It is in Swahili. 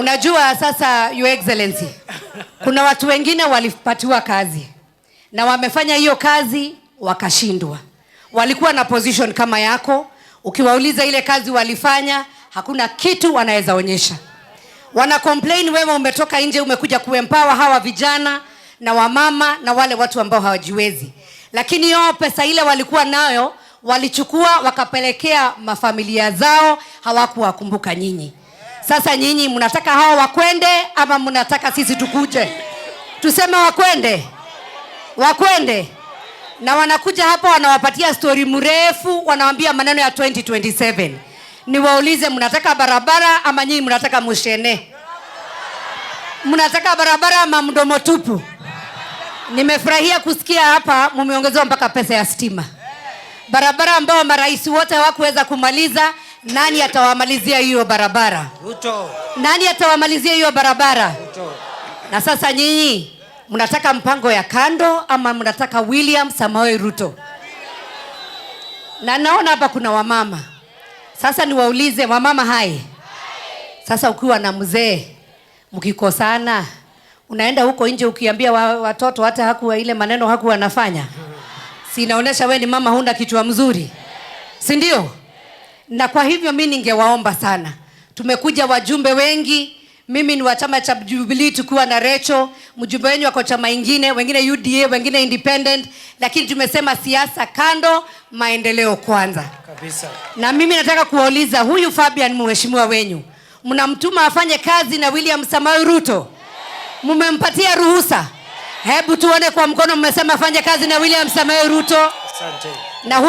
Unajua sasa, Your Excellency, kuna watu wengine walipatiwa kazi na wamefanya hiyo kazi wakashindwa. Walikuwa na position kama yako, ukiwauliza ile kazi walifanya, hakuna kitu wanaweza onyesha. Wana complain wewe umetoka nje, umekuja kuempower hawa vijana na wamama na wale watu ambao hawajiwezi, lakini yo pesa ile walikuwa nayo walichukua wakapelekea mafamilia zao, hawakuwakumbuka nyinyi. Sasa nyinyi mnataka hao wakwende ama mnataka sisi tukuje? Tuseme wakwende, wakwende na wanakuja hapa wanawapatia stori mrefu, wanawambia maneno ya 2027. Niwaulize, mnataka barabara ama nyinyi mnataka mushene? Mnataka barabara ama mdomo tupu? Nimefurahia kusikia hapa mumeongezewa mpaka pesa ya stima, barabara ambayo marais wote hawakuweza kumaliza. Nani atawamalizia hiyo barabara? Ruto. Nani atawamalizia hiyo barabara? Ruto. Na sasa nyinyi mnataka mpango ya kando ama mnataka William Samoei Ruto? Na naona hapa kuna wamama. Sasa niwaulize wamama hai. Sasa ukiwa na mzee mkikosana, unaenda huko nje ukiambia watoto hata hakuwa ile maneno hakuwa anafanya. Si inaonyesha wewe ni mama huna kichwa mzuri. Si ndio? na kwa hivyo mi ningewaomba sana, tumekuja wajumbe wengi. Mimi ni wa chama cha Jubilee tukiwa na Recho, mjumbe wenyu wako chama ingine, wengine UDA, wengine independent, lakini tumesema siasa kando, maendeleo kwanza kabisa. Na mimi nataka kuwauliza huyu Fabian, mheshimiwa wenyu mnamtuma afanye kazi na William Samoei Ruto, mmempatia ruhusa? Hebu tuone kwa mkono, mmesema afanye kazi na William Samoei Ruto. Asante. Na huyu